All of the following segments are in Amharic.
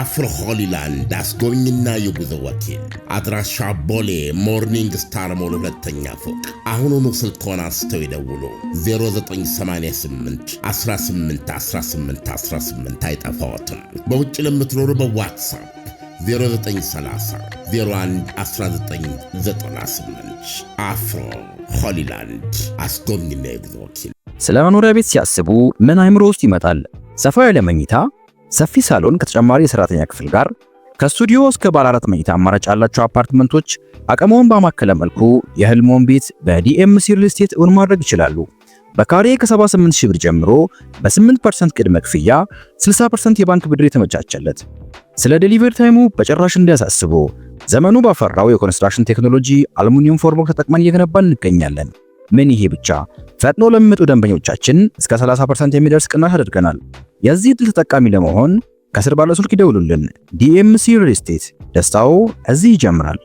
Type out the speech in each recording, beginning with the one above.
አፍሮ ሆሊላንድ አስጎብኝና የጉዞ ወኪል አድራሻ ቦሌ ሞርኒንግ ስታር ሞል ሁለተኛ ፎቅ። አሁኑኑ ስልክዎን አንስተው ይደውሉ 0988 18 18 አይጠፋዎትም። በውጭ ለምትኖሩ በዋትሳፕ 0930 01 1998 አፍሮ ሆሊላንድ አስጎብኝና የጉዞ ወኪል። ስለ መኖሪያ ቤት ሲያስቡ ምን አይምሮ ውስጥ ይመጣል? ሰፋ ያለ መኝታ ሰፊ ሳሎን ከተጨማሪ የሰራተኛ ክፍል ጋር ከስቱዲዮ እስከ ባለ አራት መኝታ አማራጭ ያላቸው አፓርትመንቶች አቅመውን ባማከለ መልኩ የህልሞን ቤት በዲኤምሲ ሪል ስቴት እውን ማድረግ ይችላሉ። በካሬ ከ78 ሺህ ብር ጀምሮ በ8% ቅድመ ክፍያ 60% የባንክ ብድር የተመቻቸለት። ስለ ዴሊቨሪ ታይሙ በጭራሽ እንዲያሳስቡ ዘመኑ ባፈራው የኮንስትራክሽን ቴክኖሎጂ አልሙኒየም ፎርሞክ ተጠቅመን እየገነባን እንገኛለን። ምን ይሄ ብቻ! ፈጥኖ ለሚመጡ ደንበኞቻችን እስከ 30% የሚደርስ ቅናሽ አድርገናል። የዚህ ዕድል ተጠቃሚ ለመሆን ከስር ባለው ስልክ ይደውሉልን። ዲኤምሲ ሪል ስቴት ደስታው እዚህ ይጀምራል።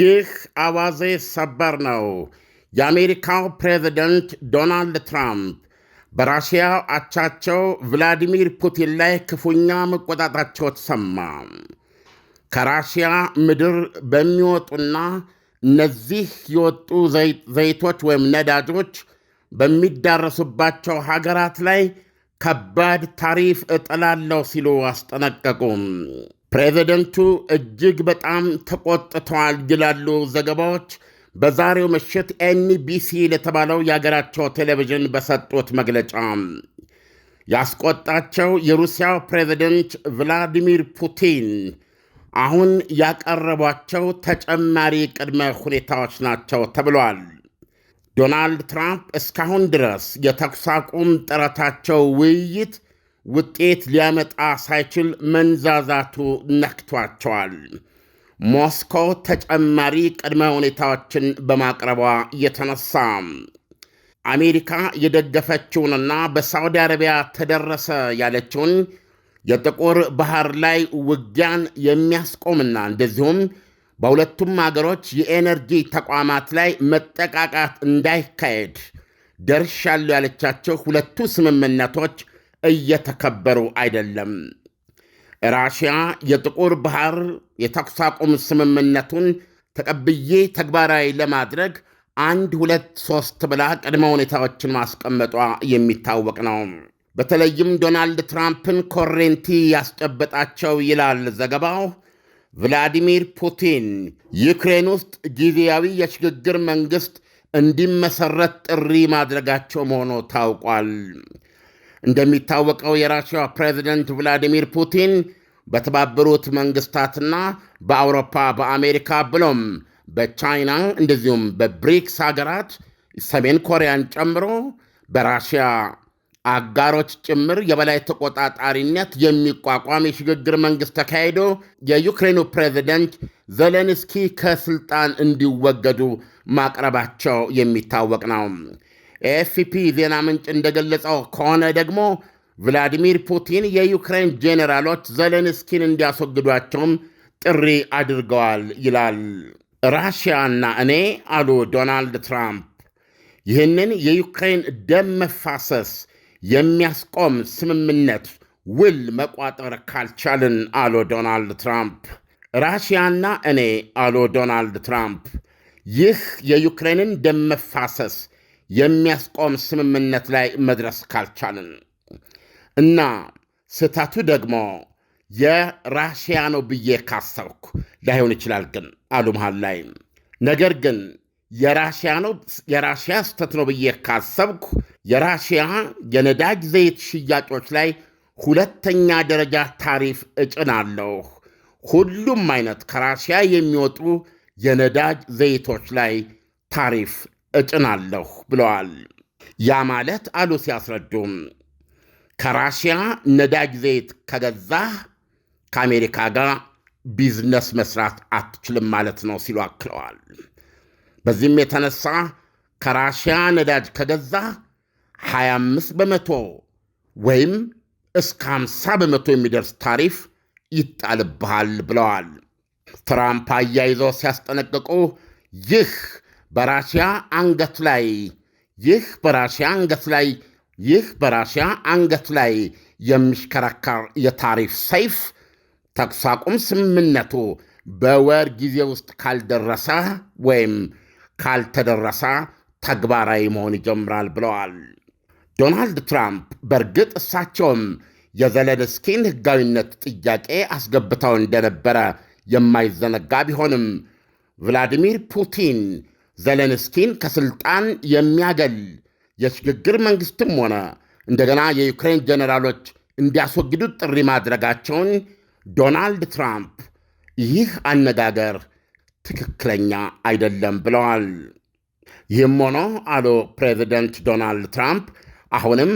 ይህ አዋዜ ሰበር ነው። የአሜሪካው ፕሬዝደንት ዶናልድ ትራምፕ በራሽያ አቻቸው ቭላዲሚር ፑቲን ላይ ክፉኛ መቆጣታቸው ተሰማ። ከራሽያ ምድር በሚወጡና እነዚህ የወጡ ዘይቶች ወይም ነዳጆች በሚዳረሱባቸው ሀገራት ላይ ከባድ ታሪፍ እጥላለሁ ሲሉ አስጠነቀቁ። ፕሬዚደንቱ እጅግ በጣም ተቆጥተዋል ይላሉ ዘገባዎች። በዛሬው ምሽት ኤንቢሲ ለተባለው የአገራቸው ቴሌቪዥን በሰጡት መግለጫ ያስቆጣቸው የሩሲያው ፕሬዚደንት ቭላዲሚር ፑቲን አሁን ያቀረቧቸው ተጨማሪ ቅድመ ሁኔታዎች ናቸው ተብሏል። ዶናልድ ትራምፕ እስካሁን ድረስ የተኩስ አቁም ጥረታቸው ውይይት ውጤት ሊያመጣ ሳይችል መንዛዛቱ ነክቷቸዋል። ሞስኮ ተጨማሪ ቅድመ ሁኔታዎችን በማቅረቧ የተነሳ አሜሪካ የደገፈችውንና በሳውዲ አረቢያ ተደረሰ ያለችውን የጥቁር ባህር ላይ ውጊያን የሚያስቆምና እንደዚሁም በሁለቱም አገሮች የኤነርጂ ተቋማት ላይ መጠቃቃት እንዳይካሄድ ደርሻሉ ያለቻቸው ሁለቱ ስምምነቶች እየተከበሩ አይደለም። ራሽያ የጥቁር ባህር የተኩስ አቁም ስምምነቱን ተቀብዬ ተግባራዊ ለማድረግ አንድ ሁለት ሶስት ብላ ቅድመ ሁኔታዎችን ማስቀመጧ የሚታወቅ ነው። በተለይም ዶናልድ ትራምፕን ኮሬንቲ ያስጨበጣቸው ይላል ዘገባው። ቭላዲሚር ፑቲን ዩክሬን ውስጥ ጊዜያዊ የሽግግር መንግሥት እንዲመሠረት ጥሪ ማድረጋቸው መሆኑ ታውቋል። እንደሚታወቀው የራሽያ ፕሬዚደንት ቭላዲሚር ፑቲን በተባበሩት መንግሥታትና በአውሮፓ በአሜሪካ ብሎም በቻይና እንደዚሁም በብሪክስ ሀገራት ሰሜን ኮሪያን ጨምሮ በራሽያ አጋሮች ጭምር የበላይ ተቆጣጣሪነት የሚቋቋም የሽግግር መንግስት ተካሂዶ የዩክሬኑ ፕሬዚደንት ዘለንስኪ ከስልጣን እንዲወገዱ ማቅረባቸው የሚታወቅ ነው። ኤኤፍፒ ዜና ምንጭ እንደገለጸው ከሆነ ደግሞ ቭላዲሚር ፑቲን የዩክሬን ጄኔራሎች ዘለንስኪን እንዲያስወግዷቸውም ጥሪ አድርገዋል ይላል። ራሽያና እኔ አሉ ዶናልድ ትራምፕ ይህንን የዩክሬን ደም መፋሰስ የሚያስቆም ስምምነት ውል መቋጠር ካልቻልን አሉ ዶናልድ ትራምፕ። ራሽያና እኔ አሉ ዶናልድ ትራምፕ ይህ የዩክሬንን ደም መፋሰስ የሚያስቆም ስምምነት ላይ መድረስ ካልቻልን እና ስህተቱ ደግሞ የራሽያ ነው ብዬ ካሰብኩ ላይሆን ይችላል ግን አሉ መሃል ላይ ነገር ግን የራሽያ ነው የራሽያ ስህተት ነው ብዬ ካሰብኩ የራሽያ የነዳጅ ዘይት ሽያጮች ላይ ሁለተኛ ደረጃ ታሪፍ እጭናለሁ። ሁሉም አይነት ከራሽያ የሚወጡ የነዳጅ ዘይቶች ላይ ታሪፍ እጭናለሁ ብለዋል። ያ ማለት አሉ ሲያስረዱም ከራሽያ ነዳጅ ዘይት ከገዛህ ከአሜሪካ ጋር ቢዝነስ መስራት አትችልም ማለት ነው ሲሉ አክለዋል። በዚህም የተነሳ ከራሽያ ነዳጅ ከገዛ 25 በመቶ ወይም እስከ 50 በመቶ የሚደርስ ታሪፍ ይጣልብሃል ብለዋል። ትራምፕ አያይዘው ሲያስጠነቅቁ ይህ በራሽያ አንገት ላይ ይህ በራሽያ አንገት ላይ ይህ በራሽያ አንገት ላይ የሚሽከረከር የታሪፍ ሰይፍ ተኩስ አቁም ስምምነቱ በወር ጊዜ ውስጥ ካልደረሰ ወይም ካልተደረሰ ተግባራዊ መሆን ይጀምራል ብለዋል። ዶናልድ ትራምፕ በእርግጥ እሳቸውም የዘለንስኪን ሕጋዊነት ጥያቄ አስገብተው እንደነበረ የማይዘነጋ ቢሆንም ቭላዲሚር ፑቲን ዘለንስኪን ከሥልጣን የሚያገል የሽግግር መንግሥትም ሆነ እንደገና የዩክሬን ጀነራሎች እንዲያስወግዱት ጥሪ ማድረጋቸውን ዶናልድ ትራምፕ ይህ አነጋገር ትክክለኛ አይደለም ብለዋል። ይህም ሆኖ አሉ ፕሬዚደንት ዶናልድ ትራምፕ አሁንም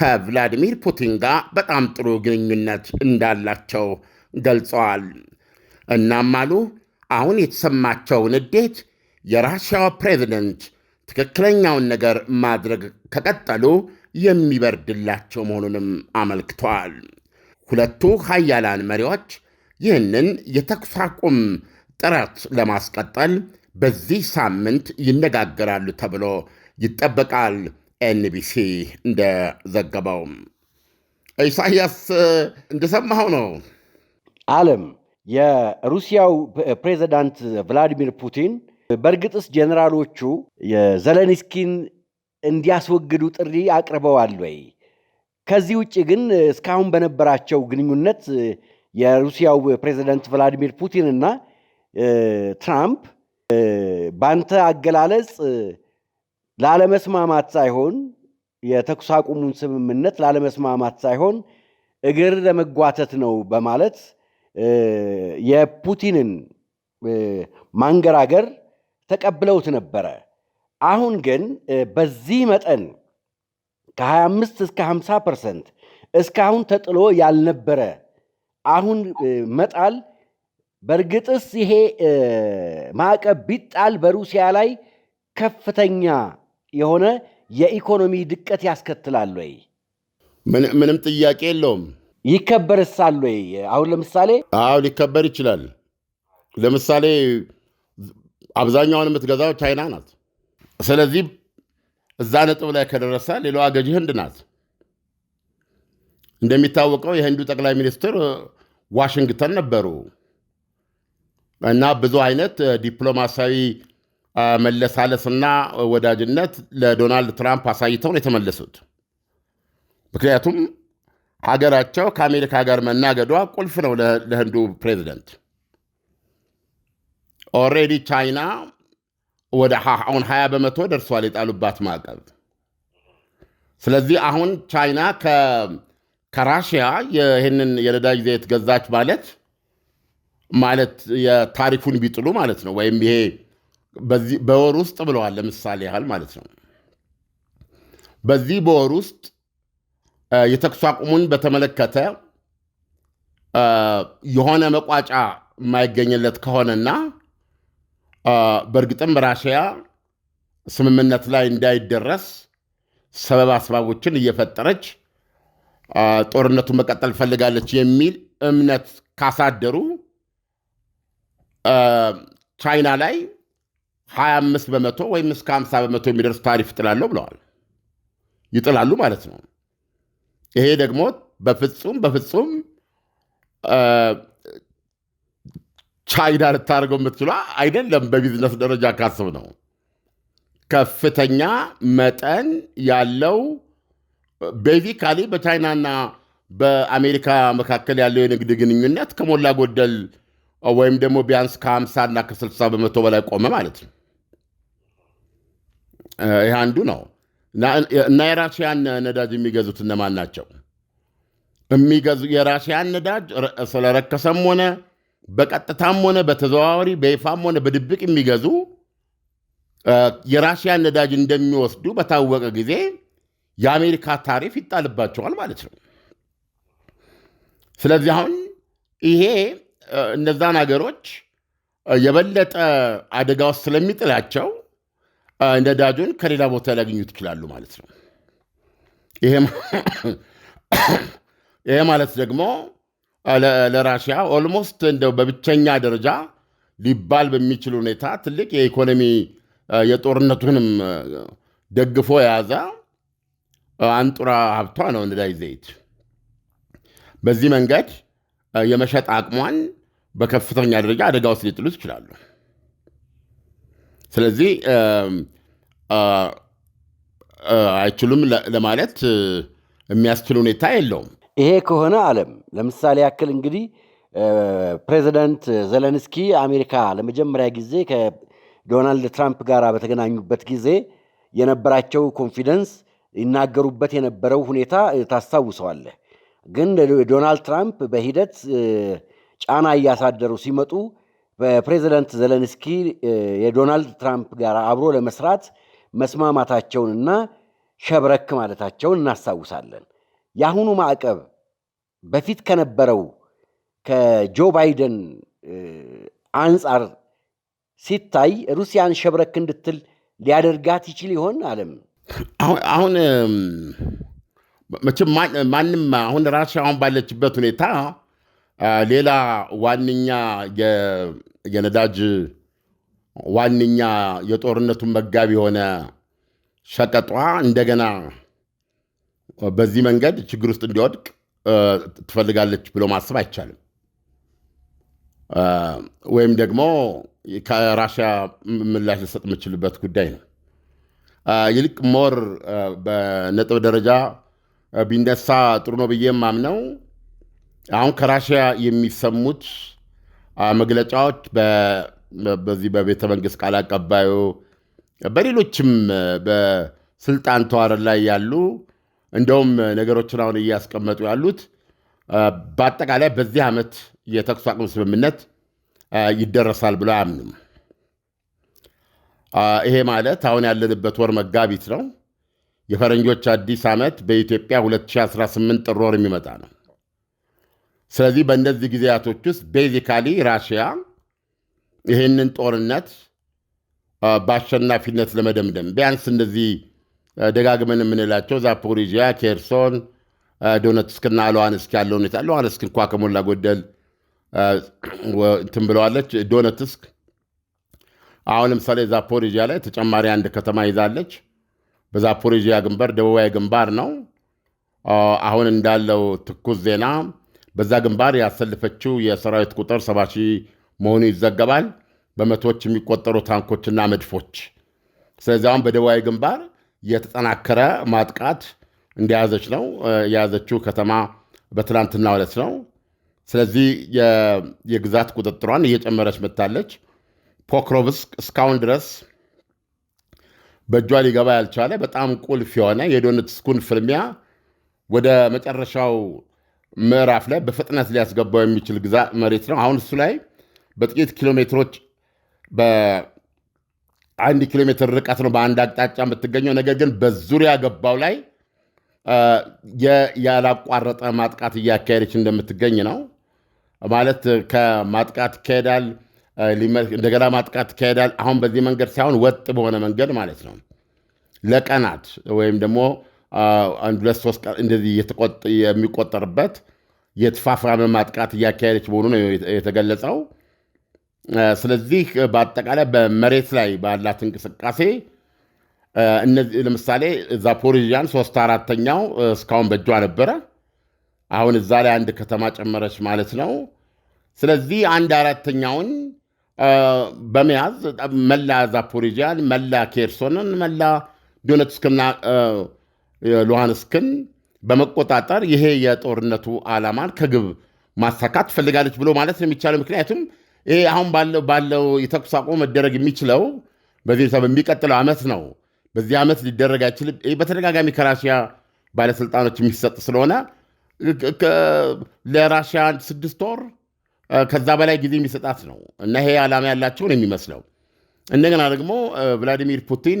ከቭላዲሚር ፑቲን ጋር በጣም ጥሩ ግንኙነት እንዳላቸው ገልጸዋል። እናም አሉ አሁን የተሰማቸውን ንዴት የራሽያው ፕሬዚደንት ትክክለኛውን ነገር ማድረግ ከቀጠሉ የሚበርድላቸው መሆኑንም አመልክተዋል። ሁለቱ ሀያላን መሪዎች ይህንን የተኩስ አቁም ጥረት ለማስቀጠል በዚህ ሳምንት ይነጋገራሉ ተብሎ ይጠበቃል። ኤንቢሲ እንደዘገበው ኢሳያስ እንደሰማኸው ነው አለም የሩሲያው ፕሬዚዳንት ቭላዲሚር ፑቲን በእርግጥስ ጀኔራሎቹ የዘለንስኪን እንዲያስወግዱ ጥሪ አቅርበዋል ወይ? ከዚህ ውጭ ግን እስካሁን በነበራቸው ግንኙነት የሩሲያው ፕሬዚዳንት ቭላዲሚር ፑቲን እና ትራምፕ ባንተ አገላለጽ ላለመስማማት ሳይሆን የተኩስ አቁሙን ስምምነት ላለመስማማት ሳይሆን እግር ለመጓተት ነው በማለት የፑቲንን ማንገራገር ተቀብለውት ነበረ። አሁን ግን በዚህ መጠን ከ25 እስከ 50 ፐርሰንት እስካሁን ተጥሎ ያልነበረ አሁን መጣል በእርግጥስ ይሄ ማዕቀብ ቢጣል በሩሲያ ላይ ከፍተኛ የሆነ የኢኮኖሚ ድቀት ያስከትላል ወይ? ምንም ጥያቄ የለውም። ይከበርሳል ወይ? አሁን ለምሳሌ አዎ፣ ሊከበር ይችላል። ለምሳሌ አብዛኛውን የምትገዛው ቻይና ናት። ስለዚህ እዛ ነጥብ ላይ ከደረሰ ሌላዋ ገዢ ህንድ ናት። እንደሚታወቀው የህንዱ ጠቅላይ ሚኒስትር ዋሽንግተን ነበሩ። እና ብዙ አይነት ዲፕሎማሲያዊ መለሳለስና ወዳጅነት ለዶናልድ ትራምፕ አሳይተው ነው የተመለሱት። ምክንያቱም ሀገራቸው ከአሜሪካ ጋር መናገዷ ቁልፍ ነው ለህንዱ ፕሬዚደንት። ኦልሬዲ ቻይና ወደ አሁን 20 በመቶ ደርሷል የጣሉባት ማዕቀብ። ስለዚህ አሁን ቻይና ከራሽያ ይህንን የነዳጅ ዘይት ገዛች ማለት ማለት የታሪኩን ቢጥሉ ማለት ነው። ወይም ይሄ በወር ውስጥ ብለዋል ለምሳሌ ያህል ማለት ነው። በዚህ በወር ውስጥ የተኩስ አቁሙን በተመለከተ የሆነ መቋጫ የማይገኝለት ከሆነና በእርግጥም ራሽያ ስምምነት ላይ እንዳይደረስ ሰበብ አስባቦችን እየፈጠረች ጦርነቱን መቀጠል ፈልጋለች የሚል እምነት ካሳደሩ ቻይና ላይ 25 በመቶ ወይም እስከ 50 በመቶ የሚደርስ ታሪፍ ይጥላለሁ ብለዋል። ይጥላሉ ማለት ነው። ይሄ ደግሞ በፍጹም በፍጹም ቻይና ልታደርገው የምትችሏ አይደለም። በቢዝነስ ደረጃ ካስብ ነው ከፍተኛ መጠን ያለው ቤዚካሊ በቻይናና በአሜሪካ መካከል ያለው የንግድ ግንኙነት ከሞላ ጎደል ወይም ደግሞ ቢያንስ ከ50 እና ከ60 በመቶ በላይ ቆመ ማለት ነው። ይህ አንዱ ነው እና የራሽያን ነዳጅ የሚገዙት እነማን ናቸው? የሚገዙ የራሽያን ነዳጅ ስለረከሰም ሆነ በቀጥታም ሆነ በተዘዋዋሪ በይፋም ሆነ በድብቅ የሚገዙ የራሽያን ነዳጅ እንደሚወስዱ በታወቀ ጊዜ የአሜሪካ ታሪፍ ይጣልባቸዋል ማለት ነው። ስለዚህ አሁን ይሄ እነዛን ሀገሮች የበለጠ አደጋ ውስጥ ስለሚጥላቸው ነዳጁን ከሌላ ቦታ ሊያገኙት ይችላሉ ማለት ነው። ይሄ ማለት ደግሞ ለራሽያ ኦልሞስት እንደው በብቸኛ ደረጃ ሊባል በሚችል ሁኔታ ትልቅ የኢኮኖሚ የጦርነቱንም ደግፎ የያዘ አንጡራ ሀብቷ ነው ነዳጅ ዘይት። በዚህ መንገድ የመሸጥ አቅሟን በከፍተኛ ደረጃ አደጋ ውስጥ ሊጥሉት ይችላሉ። ስለዚህ አይችሉም ለማለት የሚያስችል ሁኔታ የለውም። ይሄ ከሆነ አለም ለምሳሌ ያክል እንግዲህ ፕሬዚደንት ዘለንስኪ አሜሪካ ለመጀመሪያ ጊዜ ከዶናልድ ትራምፕ ጋር በተገናኙበት ጊዜ የነበራቸው ኮንፊደንስ ይናገሩበት የነበረው ሁኔታ ታስታውሰዋለህ። ግን ዶናልድ ትራምፕ በሂደት ጫና እያሳደሩ ሲመጡ በፕሬዚደንት ዘለንስኪ የዶናልድ ትራምፕ ጋር አብሮ ለመስራት መስማማታቸውንና ሸብረክ ማለታቸውን እናስታውሳለን። የአሁኑ ማዕቀብ በፊት ከነበረው ከጆ ባይደን አንጻር ሲታይ ሩሲያን ሸብረክ እንድትል ሊያደርጋት ይችል ይሆን? አለም አሁን መቼም ማንም አሁን ራሻ አሁን ባለችበት ሁኔታ ሌላ ዋነኛ የነዳጅ ዋነኛ የጦርነቱን መጋቢ የሆነ ሸቀጧ እንደገና በዚህ መንገድ ችግር ውስጥ እንዲወድቅ ትፈልጋለች ብሎ ማሰብ አይቻልም። ወይም ደግሞ ከራሽያ ምላሽ ልሰጥ የምችልበት ጉዳይ ነው። ይልቅ ሞር በነጥብ ደረጃ ቢነሳ ጥሩ ነው ብዬ ማምነው አሁን ከራሽያ የሚሰሙት መግለጫዎች በዚህ በቤተ መንግስት ቃል አቀባዩ በሌሎችም በስልጣን ተዋረድ ላይ ያሉ እንደውም ነገሮችን አሁን እያስቀመጡ ያሉት በአጠቃላይ በዚህ ዓመት የተኩስ አቁም ስምምነት ይደረሳል ብሎ አያምንም። ይሄ ማለት አሁን ያለንበት ወር መጋቢት ነው። የፈረንጆች አዲስ ዓመት በኢትዮጵያ 2018 ጥር ወር የሚመጣ ነው። ስለዚህ በእነዚህ ጊዜያቶች ውስጥ ቤዚካሊ ራሽያ ይህንን ጦርነት በአሸናፊነት ለመደምደም ቢያንስ እነዚህ ደጋግመን የምንላቸው ዛፖሪዥያ፣ ኬርሶን፣ ዶነትስክና ሉሃንስክ ያለው ሁኔታ ሉሃንስክ እንኳ ከሞላ ጎደል እንትን ብለዋለች። ዶነትስክ አሁን ለምሳሌ ዛፖሪዥያ ላይ ተጨማሪ አንድ ከተማ ይዛለች። በዛፖሬዥያ ግንባር ደቡባዊ ግንባር ነው። አሁን እንዳለው ትኩስ ዜና በዛ ግንባር ያሰልፈችው የሰራዊት ቁጥር ሰባ ሺህ መሆኑ ይዘገባል። በመቶዎች የሚቆጠሩ ታንኮችና መድፎች። ስለዚህ አሁን በደቡባዊ ግንባር የተጠናከረ ማጥቃት እንደያዘች ነው የያዘችው ከተማ በትናንትና ዕለት ነው። ስለዚህ የግዛት ቁጥጥሯን እየጨመረች መታለች። ፖክሮቭስክ እስካሁን ድረስ በእጇ ሊገባ ያልቻለ በጣም ቁልፍ የሆነ የዶኔትስኩን ፍልሚያ ወደ መጨረሻው ምዕራፍ ላይ በፍጥነት ሊያስገባው የሚችል ግዛ መሬት ነው። አሁን እሱ ላይ በጥቂት ኪሎ ሜትሮች በአንድ ኪሎ ሜትር ርቀት ነው በአንድ አቅጣጫ የምትገኘው። ነገር ግን በዙሪያ ገባው ላይ ያላቋረጠ ማጥቃት እያካሄደች እንደምትገኝ ነው። ማለት ከማጥቃት ይካሄዳል እንደገና ማጥቃት ይካሄዳል። አሁን በዚህ መንገድ ሳይሆን ወጥ በሆነ መንገድ ማለት ነው። ለቀናት ወይም ደግሞ አንድ ሁለት ሶስት ቀን እንደዚህ የሚቆጠርበት የተፋፍራመ ማጥቃት እያካሄደች መሆኑ ነው የተገለጸው። ስለዚህ በአጠቃላይ በመሬት ላይ ባላት እንቅስቃሴ እነዚህ ለምሳሌ ዛፖሪዣን ሶስት አራተኛው እስካሁን በእጇ ነበረ። አሁን እዛ ላይ አንድ ከተማ ጨመረች ማለት ነው። ስለዚህ አንድ አራተኛውን በመያዝ መላ ዛፖሪጂያን፣ መላ ኬርሶንን፣ መላ ዶነትስክና ሉሃንስክን በመቆጣጠር ይሄ የጦርነቱ ዓላማን ከግብ ማሳካት ትፈልጋለች ብሎ ማለት ነው የሚቻለው። ምክንያቱም ይሄ አሁን ባለው የተኩስ አቁም መደረግ የሚችለው በዚህ ሰብ የሚቀጥለው ዓመት ነው። በዚህ ዓመት ሊደረግ አይችልም። በተደጋጋሚ ከራሽያ ባለስልጣኖች የሚሰጥ ስለሆነ ለራሽያ ስድስት ወር ከዛ በላይ ጊዜ የሚሰጣት ነው እና ይሄ ዓላማ ያላቸው ነው የሚመስለው። እንደገና ደግሞ ቭላዲሚር ፑቲን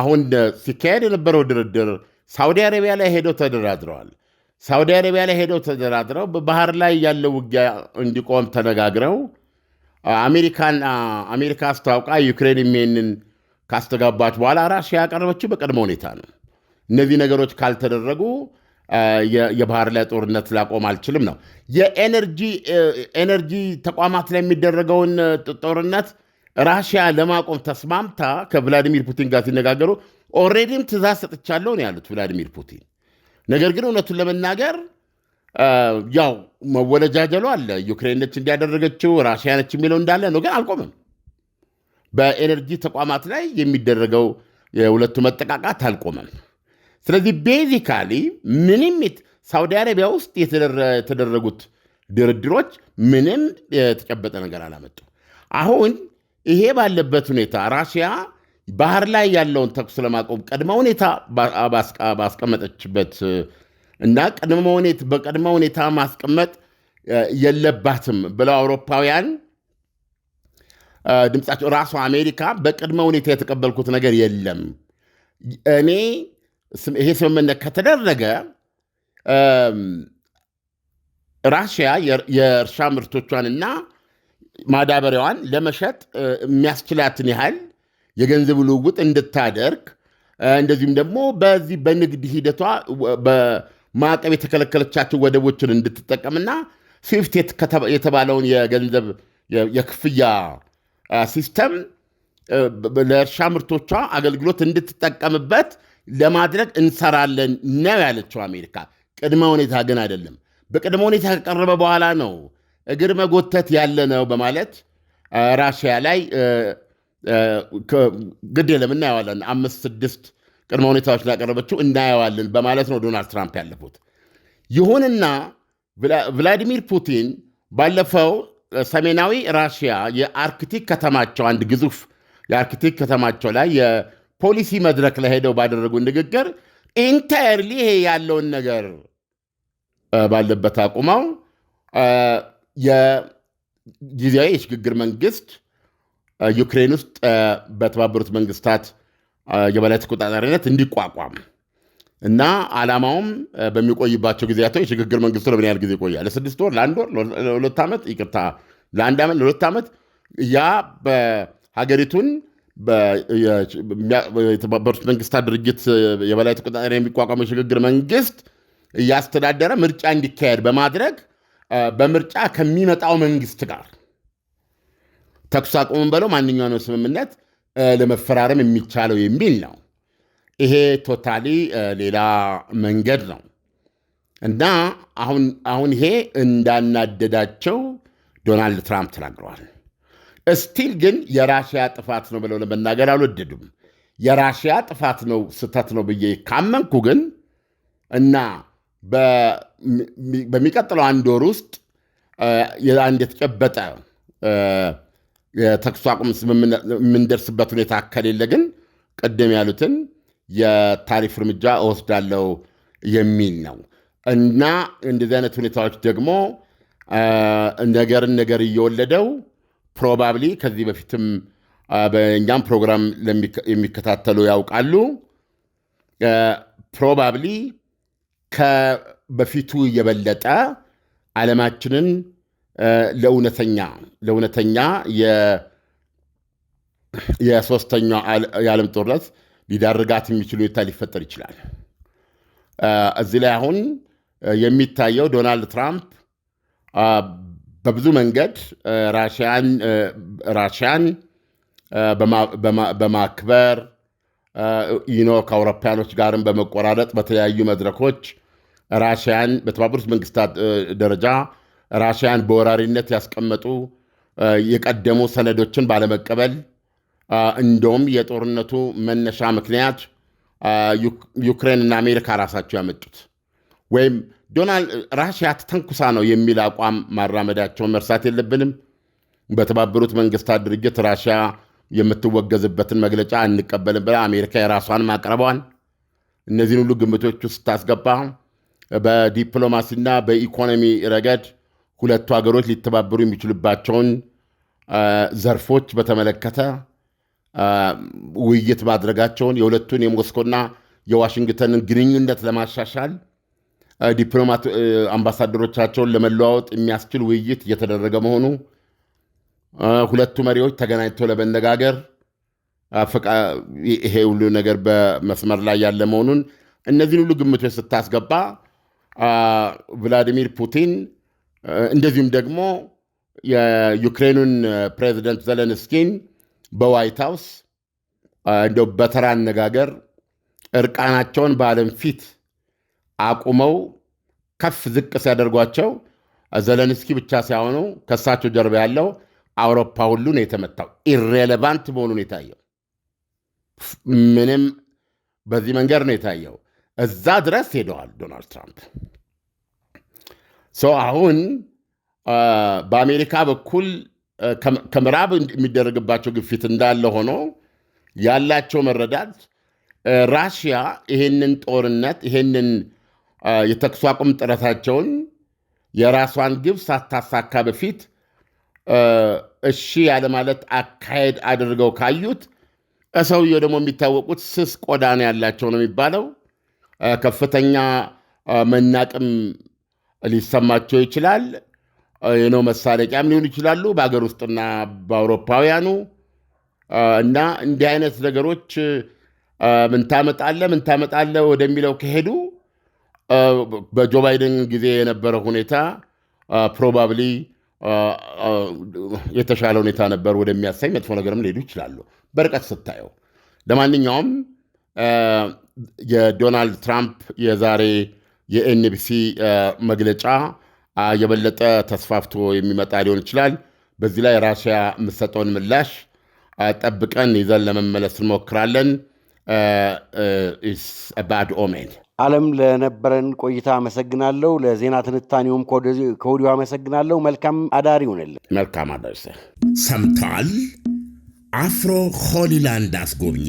አሁን ሲካሄድ የነበረው ድርድር ሳውዲ አረቢያ ላይ ሄደው ተደራድረዋል። ሳውዲ አረቢያ ላይ ሄደው ተደራድረው በባህር ላይ ያለው ውጊያ እንዲቆም ተነጋግረው አሜሪካ አስተዋውቃ ዩክሬን ይሄንን ካስተጋባች በኋላ ራሽያ ያቀረበችው በቀድሞ ሁኔታ ነው። እነዚህ ነገሮች ካልተደረጉ የባህር ላይ ጦርነት ላቆም አልችልም ነው። የኤነርጂ ተቋማት ላይ የሚደረገውን ጦርነት ራሽያ ለማቆም ተስማምታ ከቭላዲሚር ፑቲን ጋር ሲነጋገሩ ኦልሬዲም ትእዛዝ ሰጥቻለሁ ነው ያሉት ቭላዲሚር ፑቲን። ነገር ግን እውነቱን ለመናገር ያው መወለጃጀሉ አለ። ዩክሬን ነች እንዲያደረገችው ራሽያ ነች የሚለው እንዳለ ነው። ግን አልቆምም። በኤነርጂ ተቋማት ላይ የሚደረገው የሁለቱ መጠቃቃት አልቆመም። ስለዚህ ቤዚካሊ ምንም ሳውዲ አረቢያ ውስጥ የተደረጉት ድርድሮች ምንም የተጨበጠ ነገር አላመጡ። አሁን ይሄ ባለበት ሁኔታ ራሽያ ባህር ላይ ያለውን ተኩስ ለማቆም ቀድመ ሁኔታ ባስቀመጠችበት እና በቅድመ ሁኔታ ማስቀመጥ የለባትም ብለው አውሮፓውያን ድምፃቸው ራሱ አሜሪካ በቅድመ ሁኔታ የተቀበልኩት ነገር የለም እኔ ይሄ ስምምነት ከተደረገ ራሽያ የእርሻ ምርቶቿንና ማዳበሪያዋን ለመሸጥ የሚያስችላትን ያህል የገንዘብ ልውውጥ እንድታደርግ እንደዚሁም ደግሞ በዚህ በንግድ ሂደቷ በማዕቀብ የተከለከለቻቸው ወደቦችን እንድትጠቀምና ስዊፍት የተባለውን የገንዘብ የክፍያ ሲስተም ለእርሻ ምርቶቿ አገልግሎት እንድትጠቀምበት ለማድረግ እንሰራለን ነው ያለችው አሜሪካ። ቅድመ ሁኔታ ግን አይደለም። በቅድመ ሁኔታ ከቀረበ በኋላ ነው እግር መጎተት ያለ ነው በማለት ራሽያ ላይ ግድ የለም እናየዋለን፣ አምስት ስድስት ቅድመ ሁኔታዎች ላቀረበችው እናየዋለን በማለት ነው ዶናልድ ትራምፕ ያለፉት። ይሁንና ቭላዲሚር ፑቲን ባለፈው ሰሜናዊ ራሽያ የአርክቲክ ከተማቸው አንድ ግዙፍ የአርክቲክ ከተማቸው ላይ ፖሊሲ መድረክ ላይ ሄደው ባደረጉ ንግግር ኢንታየርሊ ይሄ ያለውን ነገር ባለበት አቁመው የጊዜያዊ የሽግግር መንግስት ዩክሬን ውስጥ በተባበሩት መንግስታት የበላይ ተቆጣጣሪነት እንዲቋቋም እና ዓላማውም በሚቆይባቸው ጊዜያቶች የሽግግር መንግስቱ ለምን ያህል ጊዜ ይቆያል? ለስድስት ወር፣ ለአንድ ወር፣ ለሁለት ዓመት፣ ይቅርታ ለአንድ ዓመት፣ ለሁለት ዓመት ያ በሀገሪቱን የተባበሩት መንግስታት ድርጅት የበላይ ተቆጣጣሪ የሚቋቋመው የሽግግር መንግስት እያስተዳደረ ምርጫ እንዲካሄድ በማድረግ በምርጫ ከሚመጣው መንግስት ጋር ተኩስ አቁሙን በለው ማንኛውንም ስምምነት ለመፈራረም የሚቻለው የሚል ነው። ይሄ ቶታሊ ሌላ መንገድ ነው እና አሁን ይሄ እንዳናደዳቸው ዶናልድ ትራምፕ ተናግረዋል። እስቲል ግን የራሽያ ጥፋት ነው ብለው ለመናገር አልወደዱም። የራሽያ ጥፋት ነው ስህተት ነው ብዬ ካመንኩ ግን እና በሚቀጥለው አንድ ወር ውስጥ አንድ የተጨበጠ የተኩስ አቁም የምንደርስበት ሁኔታ ከሌለ ግን ቅድም ያሉትን የታሪፍ እርምጃ እወስዳለሁ የሚል ነው እና እንደዚህ አይነት ሁኔታዎች ደግሞ ነገርን ነገር እየወለደው ፕሮባብሊ ከዚህ በፊትም በእኛም ፕሮግራም የሚከታተሉ ያውቃሉ። ፕሮባብሊ ከበፊቱ የበለጠ ዓለማችንን ለእውነተኛ ለእውነተኛ የሶስተኛው የዓለም ጦርነት ሊዳርጋት የሚችል ሁኔታ ሊፈጠር ይችላል። እዚህ ላይ አሁን የሚታየው ዶናልድ ትራምፕ በብዙ መንገድ ራሽያን በማክበር ይኖ ከአውሮፓያኖች ጋርም በመቆራረጥ በተለያዩ መድረኮች ራሽያን በተባበሩት መንግስታት ደረጃ ራሽያን በወራሪነት ያስቀመጡ የቀደሙ ሰነዶችን ባለመቀበል እንደውም የጦርነቱ መነሻ ምክንያት ዩክሬን እና አሜሪካ ራሳቸው ያመጡት ወይም ዶናልድ ራሽያ አትተንኩሳ ነው የሚል አቋም ማራመዳቸውን መርሳት የለብንም። በተባበሩት መንግስታት ድርጅት ራሽያ የምትወገዝበትን መግለጫ አንቀበልም ብላ አሜሪካ የራሷን ማቅረቧን እነዚህን ሁሉ ግምቶች ውስጥ ስታስገባ በዲፕሎማሲና በኢኮኖሚ ረገድ ሁለቱ ሀገሮች ሊተባበሩ የሚችሉባቸውን ዘርፎች በተመለከተ ውይይት ማድረጋቸውን የሁለቱን የሞስኮና የዋሽንግተንን ግንኙነት ለማሻሻል ዲፕሎማት አምባሳደሮቻቸውን ለመለዋወጥ የሚያስችል ውይይት እየተደረገ መሆኑ፣ ሁለቱ መሪዎች ተገናኝቶ ለመነጋገር ይሄ ሁሉ ነገር በመስመር ላይ ያለ መሆኑን እነዚህን ሁሉ ግምቶች ስታስገባ ቭላዲሚር ፑቲን እንደዚሁም ደግሞ የዩክሬኑን ፕሬዚደንት ዘለንስኪን በዋይት ሀውስ እንደው በተራ አነጋገር እርቃናቸውን በዓለም ፊት አቁመው ከፍ ዝቅ ሲያደርጓቸው ዘለንስኪ ብቻ ሳይሆኑ ከሳቸው ጀርባ ያለው አውሮፓ ሁሉ ነው የተመታው። ኢሬሌቫንት ነው የታየው ምንም በዚህ መንገድ ነው የታየው። እዛ ድረስ ሄደዋል ዶናልድ ትራምፕ። አሁን በአሜሪካ በኩል ከምዕራብ የሚደረግባቸው ግፊት እንዳለ ሆኖ ያላቸው መረዳት ራሽያ ይሄንን ጦርነት ይሄንን የተኩስ አቁም ጥረታቸውን የራሷን ግብ ሳታሳካ በፊት እሺ ያለማለት አካሄድ አድርገው ካዩት ሰውየው ደግሞ የሚታወቁት ስስ ቆዳን ያላቸው ነው የሚባለው። ከፍተኛ መናቅም ሊሰማቸው ይችላል። የነው መሳለቂያም ሊሆኑ ይችላሉ በሀገር ውስጥና በአውሮፓውያኑ እና እንዲህ አይነት ነገሮች ምን ምንታመጣለ ምን ወደሚለው ከሄዱ በጆ ባይደን ጊዜ የነበረ ሁኔታ ፕሮባብሊ የተሻለ ሁኔታ ነበር ወደሚያሳይ መጥፎ ነገርም ሊሄዱ ይችላሉ፣ በርቀት ስታየው። ለማንኛውም የዶናልድ ትራምፕ የዛሬ የኤንቢሲ መግለጫ የበለጠ ተስፋፍቶ የሚመጣ ሊሆን ይችላል። በዚህ ላይ ራሽያ የምትሰጠውን ምላሽ ጠብቀን ይዘን ለመመለስ እንሞክራለን። ባድ ኦሜን አለም ለነበረን ቆይታ አመሰግናለሁ። ለዜና ትንታኔውም ከወዲሁ አመሰግናለሁ። መልካም አዳር ይሆንልን። መልካም አዳር። ሰምተዋል። አፍሮ ሆሊላንድ አስጎብኚ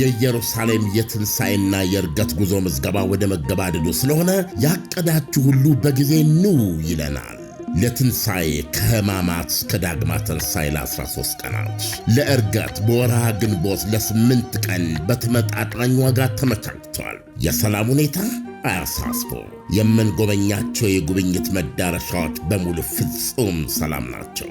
የኢየሩሳሌም የትንሣኤና የእርገት ጉዞ ምዝገባ ወደ መገባደዱ ስለሆነ ያቀዳችሁ ሁሉ በጊዜ ኑ ይለናል። ለትንሣኤ ከህማማት እስከ ዳግማ ትንሣኤ ለ13 ቀናት ለእርገት በወርሃ ግንቦት ለስምንት ቀን በተመጣጣኝ ዋጋ ተመቻችቷል። የሰላም ሁኔታ አያሳስቦ የምንጎበኛቸው የጉብኝት መዳረሻዎች በሙሉ ፍጹም ሰላም ናቸው።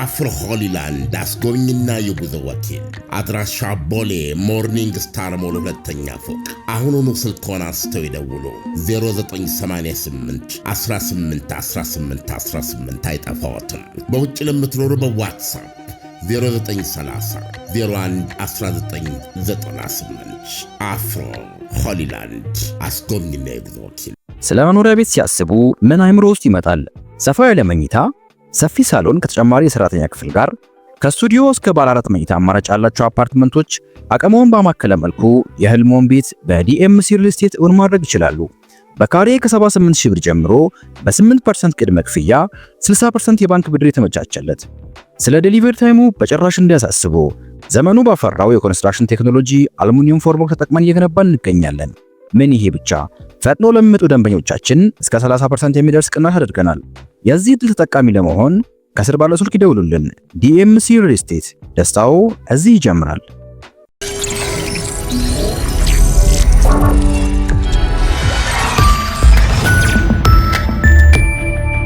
አፍሮ ሆሊላንድ አስጎብኝና የጉዞ ወኪል አድራሻ ቦሌ ሞርኒንግ ስታር ሞል ሁለተኛ ፎቅ። አሁኑኑ ስልክዎን አንስተው ይደውሉ። 0988 1818 18 አይጠፋዎትም። በውጭ ለምትኖሩ በዋትሳፕ 0930 01 1998 አፍሮ ሆሊላንድ አስጎብኝና የጉዞ ወኪል። ስለ መኖሪያ ቤት ሲያስቡ ምን አይምሮ ውስጥ ይመጣል? ሰፋ ያለ መኝታ ሰፊ ሳሎን ከተጨማሪ የሰራተኛ ክፍል ጋር ከስቱዲዮ እስከ ባለ አራት መኝታ አማራጭ ያላቸው አፓርትመንቶች አቅመውን ባማከለ መልኩ የህልሞን ቤት በዲኤምሲ ሪል ስቴት እውን ማድረግ ይችላሉ። በካሬ ከ78 ሺህ ብር ጀምሮ በ8% ቅድመ ክፍያ 60% የባንክ ብድር የተመቻቸለት። ስለ ዴሊቨሪ ታይሙ በጭራሽ እንዲያሳስቡ ዘመኑ ባፈራው የኮንስትራክሽን ቴክኖሎጂ አልሙኒየም ፎርሞክ ተጠቅመን እየገነባን እንገኛለን። ምን ይሄ ብቻ! ፈጥኖ ለሚመጡ ደንበኞቻችን እስከ 30% የሚደርስ ቅናሽ አድርገናል። የዚህ ዕድል ተጠቃሚ ለመሆን ከስር ባለው ስልክ ይደውሉልን። ዲኤምሲ ሪል ስቴት ደስታው እዚህ ይጀምራል።